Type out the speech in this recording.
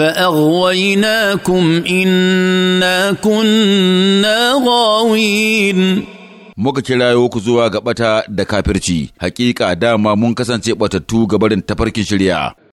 فأغويناكم إنا كنا غاوين muka kirayo ku zuwa ga ɓata da kafirci hakika dama mun kasance ɓatattu ga barin tafarkin shirya